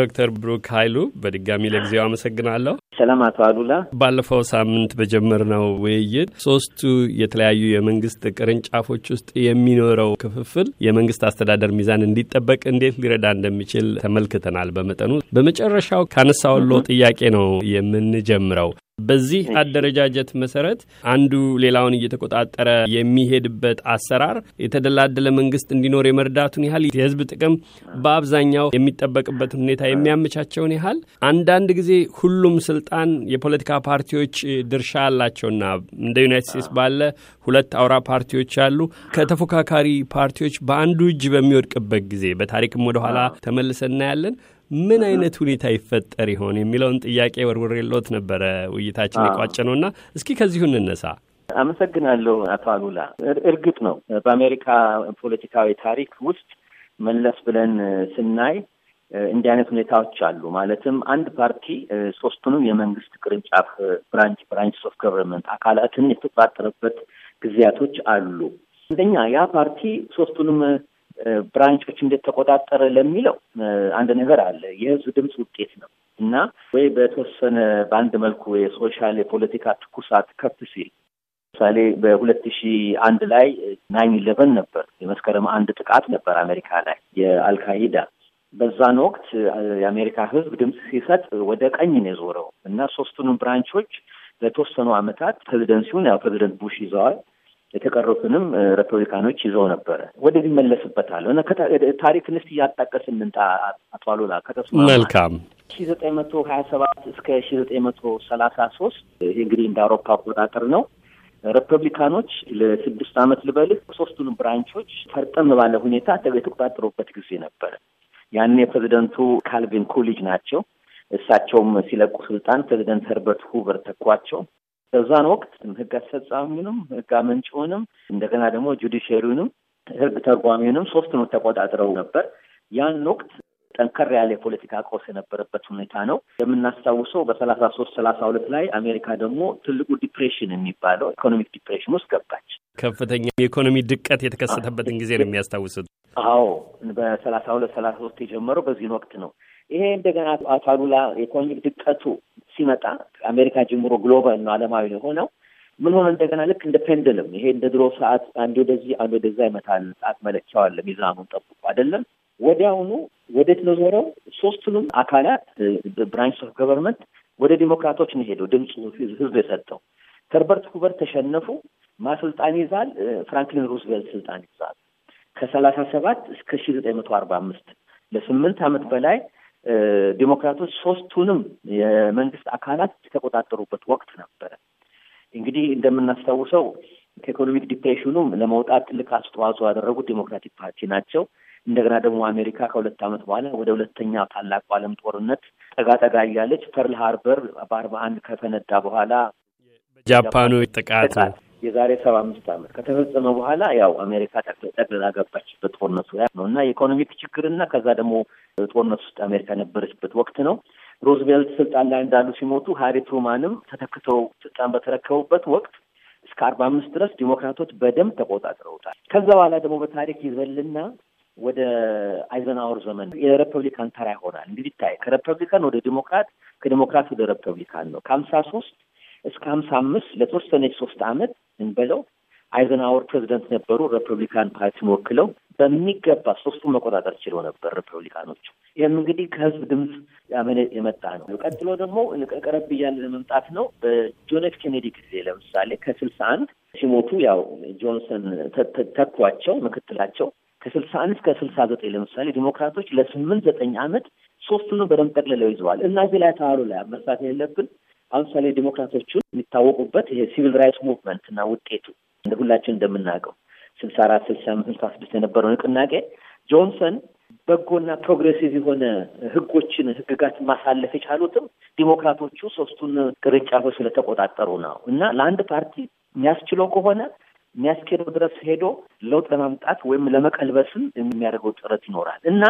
ዶክተር ብሩክ ኃይሉ በድጋሚ ለጊዜው አመሰግናለሁ። ሰላም አቶ አሉላ። ባለፈው ሳምንት በጀመርነው ውይይት ሶስቱ የተለያዩ የመንግስት ቅርንጫፎች ውስጥ የሚኖረው ክፍፍል የመንግስት አስተዳደር ሚዛን እንዲጠበቅ እንዴት ሊረዳ እንደሚችል ተመልክተናል በመጠኑ። በመጨረሻው ካነሳውሎ ጥያቄ ነው የምንጀምረው በዚህ አደረጃጀት መሰረት አንዱ ሌላውን እየተቆጣጠረ የሚሄድበት አሰራር የተደላደለ መንግስት እንዲኖር የመርዳቱን ያህል የህዝብ ጥቅም በአብዛኛው የሚጠበቅበትን ሁኔታ የሚያመቻቸውን ያህል አንዳንድ ጊዜ ሁሉም ስልጣን የፖለቲካ ፓርቲዎች ድርሻ አላቸውና እንደ ዩናይት ስቴትስ ባለ ሁለት አውራ ፓርቲዎች አሉ። ከተፎካካሪ ፓርቲዎች በአንዱ እጅ በሚወድቅበት ጊዜ በታሪክም ወደኋላ ተመልሰ እናያለን። ምን አይነት ሁኔታ ይፈጠር ይሆን የሚለውን ጥያቄ ወርውሬሎት ነበረ ውይይታችን የቋጨ ነውና እስኪ ከዚሁ እንነሳ። አመሰግናለሁ አቶ አሉላ። እርግጥ ነው በአሜሪካ ፖለቲካዊ ታሪክ ውስጥ መለስ ብለን ስናይ እንዲህ አይነት ሁኔታዎች አሉ። ማለትም አንድ ፓርቲ ሶስቱንም የመንግስት ቅርንጫፍ ብራንች ብራንች ኦፍ ገቨርንመንት አካላትን የተቆጣጠረበት ጊዜያቶች አሉ። አንደኛ ያ ፓርቲ ሶስቱንም ብራንቾች እንዴት ተቆጣጠረ ለሚለው አንድ ነገር አለ። የህዝብ ድምፅ ውጤት ነው እና ወይ በተወሰነ በአንድ መልኩ የሶሻል የፖለቲካ ትኩሳት ከፍ ሲል ለምሳሌ በሁለት ሺ አንድ ላይ ናይን ኢለቨን ነበር። የመስከረም አንድ ጥቃት ነበር አሜሪካ ላይ የአልካይዳ በዛን ወቅት የአሜሪካ ህዝብ ድምፅ ሲሰጥ ወደ ቀኝ ነው የዞረው እና ሶስቱንም ብራንቾች ለተወሰኑ ዓመታት ፕሬዚደንሲውን ያው ፕሬዚደንት ቡሽ ይዘዋል። የተቀሩትንም ሪፐብሊካኖች ይዘው ነበረ። ወደዚህ መለስበታል እና ታሪክን እስቲ እያጣቀስ እንምጣ። አቶ አሉላ ከተስማ መልካም ሺ ዘጠኝ መቶ ሀያ ሰባት እስከ ሺ ዘጠኝ መቶ ሰላሳ ሶስት ይህ እንግዲህ እንደ አውሮፓ አቆጣጠር ነው። ሪፐብሊካኖች ለስድስት ዓመት ልበልህ ሶስቱን ብራንቾች ፈርጠም ባለ ሁኔታ የተቆጣጠሩበት ጊዜ ነበረ። ያን የፕሬዚደንቱ ካልቪን ኮሊጅ ናቸው። እሳቸውም ሲለቁ ስልጣን ፕሬዚደንት ኸርበርት ሁቨር ተኳቸው። በዛን ወቅት ህግ አስፈጻሚውንም ህግ አመንጭውንም እንደገና ደግሞ ጁዲሽሪውንም ህግ ተርጓሚውንም ነው ተቆጣጥረው ነበር። ያን ወቅት ጠንከር ያለ የፖለቲካ ቀውስ የነበረበት ሁኔታ ነው የምናስታውሰው። በሰላሳ ሶስት ሰላሳ ሁለት ላይ አሜሪካ ደግሞ ትልቁ ዲፕሬሽን የሚባለው ኢኮኖሚክ ዲፕሬሽን ውስጥ ገባች። ከፍተኛ የኢኮኖሚ ድቀት የተከሰተበትን ጊዜ ነው የሚያስታውሱት? አዎ፣ በሰላሳ ሁለት ሰላሳ ሶስት የጀመረው በዚህን ወቅት ነው። ይሄ እንደገና አቶ አሉላ የኢኮኖሚክ ድቀቱ ሲመጣ አሜሪካ ጀምሮ ግሎባል ነው አለማዊ ነው የሆነው። ምን ሆነ እንደገና ልክ እንደ ፔንደልም ይሄ እንደ ድሮ ሰዓት አንድ ወደዚህ አንድ ወደዛ ይመታል። ሰዓት መለኪያው አለ፣ ሚዛኑን ጠብቁ አይደለም። ወዲያውኑ ወዴት ነው ዞረው? ሶስቱንም አካላት ብራንች ኦፍ ገቨርንመንት ወደ ዲሞክራቶች ነው ሄደው ድምፁ ህዝብ የሰጠው። ከርበርት ኩበር ተሸነፉ። ማስልጣን ይዛል? ፍራንክሊን ሩዝቬልት ስልጣን ይዛል ከሰላሳ ሰባት እስከ ሺ ዘጠኝ መቶ አርባ አምስት ለስምንት አመት በላይ ዲሞክራቶች ሶስቱንም የመንግስት አካላት የተቆጣጠሩበት ወቅት ነበረ። እንግዲህ እንደምናስታውሰው ከኢኮኖሚክ ዲፕሬሽኑም ለመውጣት ትልቅ አስተዋጽኦ ያደረጉት ዲሞክራቲክ ፓርቲ ናቸው። እንደገና ደግሞ አሜሪካ ከሁለት ዓመት በኋላ ወደ ሁለተኛ ታላቁ ዓለም ጦርነት ጠጋ ጠጋ እያለች ፐርል ሃርበር በአርባ አንድ ከፈነዳ በኋላ ጃፓኑ ጥቃት የዛሬ ሰባ አምስት ዓመት ከተፈጸመ በኋላ ያው አሜሪካ ጠቅልላ ገባችበት ጦርነቱ ነው እና የኢኮኖሚክ ችግርና ከዛ ደግሞ ጦርነት ውስጥ አሜሪካ የነበረችበት ወቅት ነው። ሮዝቬልት ስልጣን ላይ እንዳሉ ሲሞቱ ሀሪ ትሩማንም ተተክተው ስልጣን በተረከቡበት ወቅት እስከ አርባ አምስት ድረስ ዲሞክራቶች በደንብ ተቆጣጥረውታል። ከዛ በኋላ ደግሞ በታሪክ ይዘልና ወደ አይዘናወር ዘመን የሪፐብሊካን ተራ ይሆናል። እንግዲህ ታይ ከሪፐብሊካን ወደ ዲሞክራት ከዲሞክራት ወደ ሪፐብሊካን ነው ከሀምሳ ሶስት እስከ ሀምሳ አምስት ለተወሰነች ሶስት አመት እንበለው አይዘናወር ፕሬዚደንት ነበሩ። ሪፐብሊካን ፓርቲን ወክለው በሚገባ ሶስቱ መቆጣጠር ችለው ነበር ሪፐብሊካኖቹ። ይህም እንግዲህ ከህዝብ ድምፅ የመጣ ነው። ቀጥሎ ደግሞ ቀረብ እያለ ለመምጣት ነው። በጆን ኤፍ ኬኔዲ ጊዜ ለምሳሌ ከስልሳ አንድ ሲሞቱ ያው ጆንሰን ተኳቸው ምክትላቸው። ከስልሳ አንድ እስከ ስልሳ ዘጠኝ ለምሳሌ ዲሞክራቶች ለስምንት ዘጠኝ አመት ሶስቱንም በደንብ ጠቅልለው ይዘዋል። እና እዚህ ላይ ተዋሉ ላይ መርሳት የለብን አሁን ምሳሌ ዲሞክራቶቹ የሚታወቁበት ይሄ ሲቪል ራይትስ ሙቭመንት እና ውጤቱ እንደ ሁላችን እንደምናውቀው ስልሳ አራት ስልሳ ስልሳ ስድስት የነበረው ንቅናቄ ጆንሰን በጎና ፕሮግሬሲቭ የሆነ ህጎችን ህግጋትን ማሳለፍ የቻሉትም ዲሞክራቶቹ ሶስቱን ቅርንጫፎች ስለተቆጣጠሩ ነው እና ለአንድ ፓርቲ የሚያስችለው ከሆነ የሚያስኬደው ድረስ ሄዶ ለውጥ ለማምጣት ወይም ለመቀልበስም የሚያደርገው ጥረት ይኖራል እና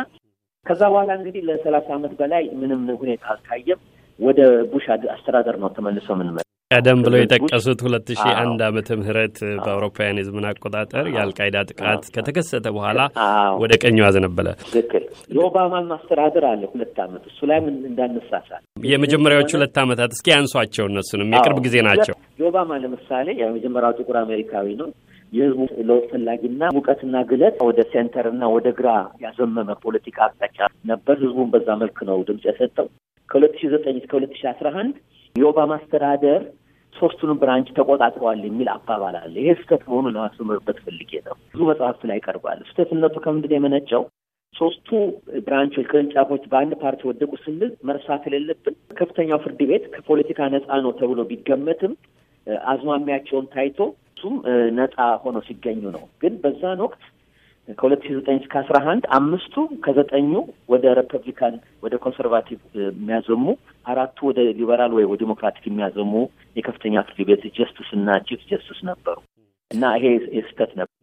ከዛ በኋላ እንግዲህ ለሰላሳ ዓመት በላይ ምንም ሁኔታ አልታየም። ወደ ቡሽ አስተዳደር ነው ተመልሶ ምን ቀደም ብሎ የጠቀሱት ሁለት ሺ አንድ ዓመተ ምህረት በአውሮፓውያን የዘመን አቆጣጠር የአልቃይዳ ጥቃት ከተከሰተ በኋላ ወደ ቀኙ አዘነበለ። ትክክል። የኦባማን ማስተዳደር አለ ሁለት አመት እሱ ምን እንዳነሳሳል የመጀመሪያዎቹ ሁለት ዓመታት እስኪ ያንሷቸው። እነሱንም የቅርብ ጊዜ ናቸው። የኦባማ ለምሳሌ የመጀመሪያው ጥቁር አሜሪካዊ ነው። የህዝቡ ለውጥ ፈላጊና ሙቀትና ግለት ወደ ሴንተርና ወደ ግራ ያዘመመ ፖለቲካ አቅጣጫ ነበር። ህዝቡን በዛ መልክ ነው ድምጽ የሰጠው። ከሁለት ሺ ዘጠኝ እስከ ሁለት ሺ አስራ አንድ የኦባማ አስተዳደር ሶስቱንም ብራንች ተቆጣጥረዋል የሚል አባባል አለ። ይሄ ስህተት መሆኑ ለማስመርበት ፈልጌ ነው። ብዙ መጽሐፍት ላይ ቀርቧል። ስህተትነቱ ከምንድን የመነጨው? ሶስቱ ብራንቾች ቅርንጫፎች በአንድ ፓርቲ ወደቁ ስንል መርሳት የሌለብን ከፍተኛው ፍርድ ቤት ከፖለቲካ ነጻ ነው ተብሎ ቢገመትም አዝማሚያቸውን ታይቶ እሱም ነጻ ሆኖ ሲገኙ ነው። ግን በዛን ወቅት ከሁለት ሺ ዘጠኝ እስከ አስራ አንድ አምስቱ ከዘጠኙ ወደ ሪፐብሊካን ወደ ኮንሰርቫቲቭ የሚያዘሙ አራቱ ወደ ሊበራል ወይ ዲሞክራቲክ የሚያዘሙ የከፍተኛ ፍርድ ቤት ጀስቲስ እና ቺፍ ጀስቲስ ነበሩ እና ይሄ የስህተት ነበር።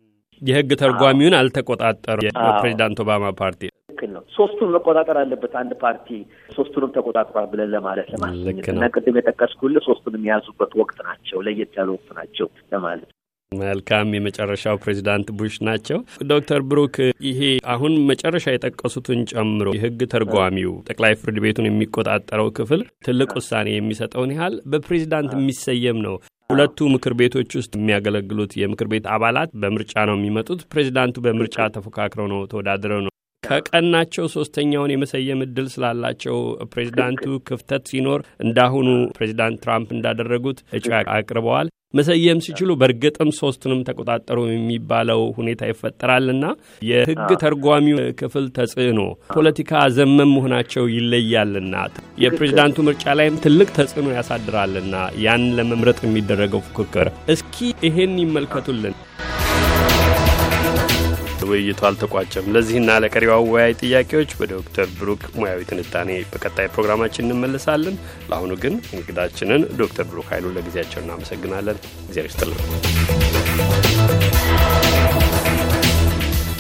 የህግ ተርጓሚውን አልተቆጣጠሩ። የፕሬዚዳንት ኦባማ ፓርቲ ልክ ነው። ሶስቱን መቆጣጠር አለበት አንድ ፓርቲ ሶስቱንም ተቆጣጥሯል ብለን ለማለት ለማለት እና ቅድም የጠቀስኩልህ ሶስቱንም የያዙበት ወቅት ናቸው፣ ለየት ያሉ ወቅት ናቸው ለማለት መልካም የመጨረሻው ፕሬዚዳንት ቡሽ ናቸው። ዶክተር ብሩክ ይሄ አሁን መጨረሻ የጠቀሱትን ጨምሮ የህግ ተርጓሚው ጠቅላይ ፍርድ ቤቱን የሚቆጣጠረው ክፍል ትልቅ ውሳኔ የሚሰጠውን ያህል በፕሬዚዳንት የሚሰየም ነው። ሁለቱ ምክር ቤቶች ውስጥ የሚያገለግሉት የምክር ቤት አባላት በምርጫ ነው የሚመጡት። ፕሬዚዳንቱ በምርጫ ተፎካክረው ነው ተወዳድረው ነው ከቀናቸው ሶስተኛውን የመሰየም እድል ስላላቸው ፕሬዚዳንቱ ክፍተት ሲኖር እንዳሁኑ ፕሬዚዳንት ትራምፕ እንዳደረጉት እጩ አቅርበዋል። መሰየም ሲችሉ በእርግጥም ሶስቱንም ተቆጣጠሩ የሚባለው ሁኔታ ይፈጠራልና የሕግ ተርጓሚው ክፍል ተጽዕኖ ፖለቲካ ዘመን መሆናቸው ይለያልና የፕሬዚዳንቱ ምርጫ ላይም ትልቅ ተጽዕኖ ያሳድራልና ያን ለመምረጥ የሚደረገው ፉክክር እስኪ ይሄን ይመልከቱልን። ውይይቱ አልተቋጨም። ለዚህና ለቀሪው አወያይ ጥያቄዎች በዶክተር ብሩክ ሙያዊ ትንታኔ በቀጣይ ፕሮግራማችን እንመልሳለን። ለአሁኑ ግን እንግዳችንን ዶክተር ብሩክ ኃይሉ ለጊዜያቸው እናመሰግናለን። እግዚአብሔር ይስጥልን።